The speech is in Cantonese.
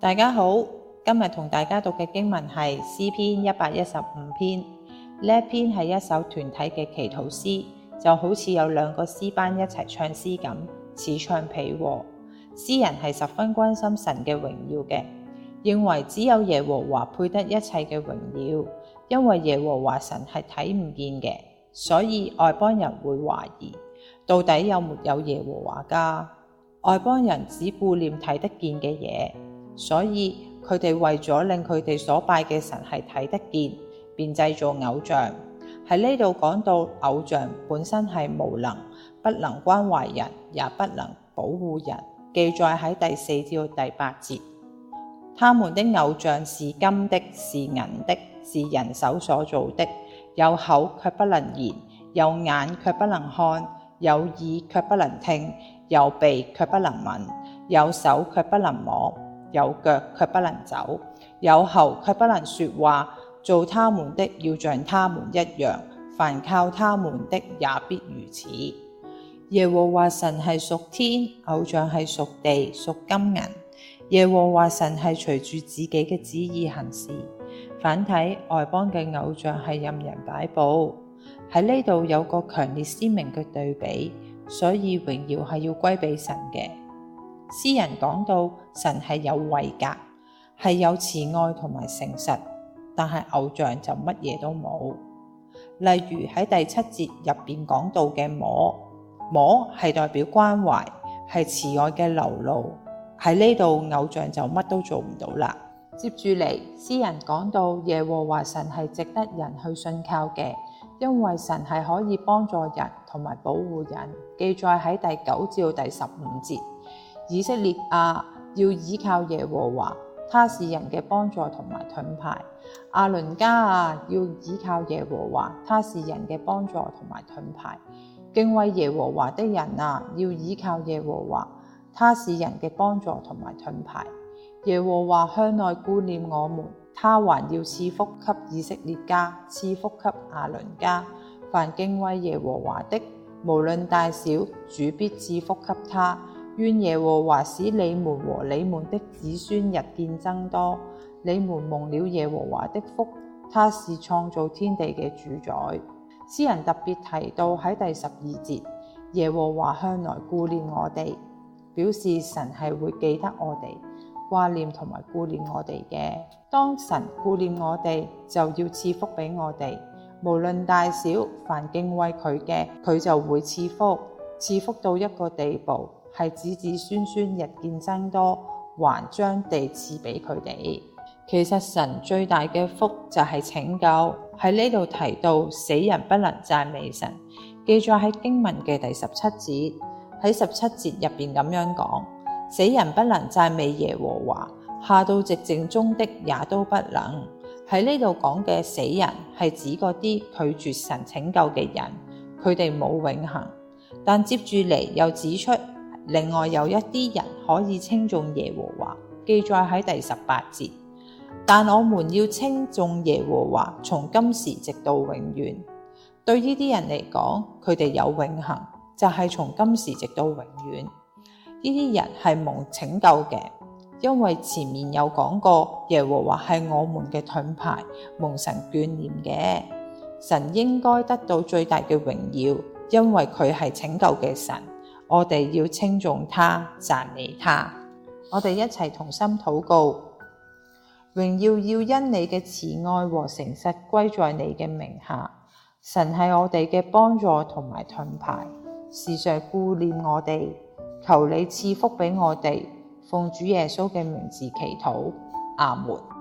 大家好，今日同大家讀嘅經文係詩篇一百一十五篇。呢一篇係一首團體嘅祈禱詩，就好似有兩個詩班一齊唱詩咁，此唱彼和。詩人係十分關心神嘅榮耀嘅，認為只有耶和華配得一切嘅榮耀，因為耶和華神係睇唔見嘅，所以外邦人會懷疑到底有沒有耶和華㗎。家外邦人只顧念睇得見嘅嘢。所以佢哋為咗令佢哋所拜嘅神係睇得見，便製造偶像。喺呢度講到偶像本身係無能，不能關懷人，也不能保護人。記載喺第四至第八節。他們的偶像是金的，是銀的，是人手所造的，有口卻不能言，有眼卻不能看，有耳卻不能聽，有鼻卻不能聞，有手卻不能摸。有腳卻不能走，有喉卻不能說話，做他們的要像他們一樣，凡靠他們的也必如此。耶和華神係屬天，偶像係屬地，屬金銀。耶和華神係隨住自己嘅旨意行事，反睇外邦嘅偶像係任人擺布。喺呢度有個強烈鮮明嘅對比，所以榮耀係要歸俾神嘅。詩人講到神係有愛格，係有慈愛同埋誠實，但係偶像就乜嘢都冇。例如喺第七節入邊講到嘅摸摸係代表關懷，係慈愛嘅流露。喺呢度偶像就乜都做唔到啦。接住嚟，詩人講到耶和華神係值得人去信靠嘅，因為神係可以幫助人同埋保護人。記載喺第九至第十五節。以色列啊，要倚靠耶和華，他是人嘅幫助同埋盾牌。亞倫家啊，要倚靠耶和華，他是人嘅幫助同埋盾牌。敬畏耶和華的人啊，要倚靠耶和華，他是人嘅幫助同埋盾牌。耶和華向來顧念我們，他還要賜福給以色列家，賜福給亞倫家。凡敬畏耶和華的，無論大小，主必賜福給他。願耶和華使你們和你們的子孫日漸增多。你們蒙了耶和華的福，他是創造天地嘅主宰。詩人特別提到喺第十二節，耶和華向來顧念我哋，表示神係會記得我哋掛念同埋顧念我哋嘅。當神顧念我哋，就要賜福俾我哋，無論大小，凡敬畏佢嘅，佢就會賜福，賜福到一個地步。係子子孫孫日見增多，還將地賜俾佢哋。其實神最大嘅福就係拯救，喺呢度提到死人不能讚美神，記載喺經文嘅第十七節。喺十七節入邊咁樣講，死人不能讚美耶和華，下到寂靜中的也都不能。喺呢度講嘅死人係指嗰啲拒絕神拯救嘅人，佢哋冇永恆。但接住嚟又指出。另外有一啲人可以稱頌耶和華，記載喺第十八節。但我們要稱頌耶和華，從今時直到永遠。對呢啲人嚟講，佢哋有永恆，就係、是、從今時直到永遠。呢啲人係蒙拯救嘅，因為前面有講過耶和華係我們嘅盾牌，蒙神眷念嘅。神應該得到最大嘅榮耀，因為佢係拯救嘅神。我哋要稱頌他，讚美他。我哋一齊同心禱告，榮耀要因你嘅慈愛和誠實歸在你嘅名下。神係我哋嘅幫助同埋盾牌，時常顧念我哋。求你賜福俾我哋，奉主耶穌嘅名字祈禱，阿門。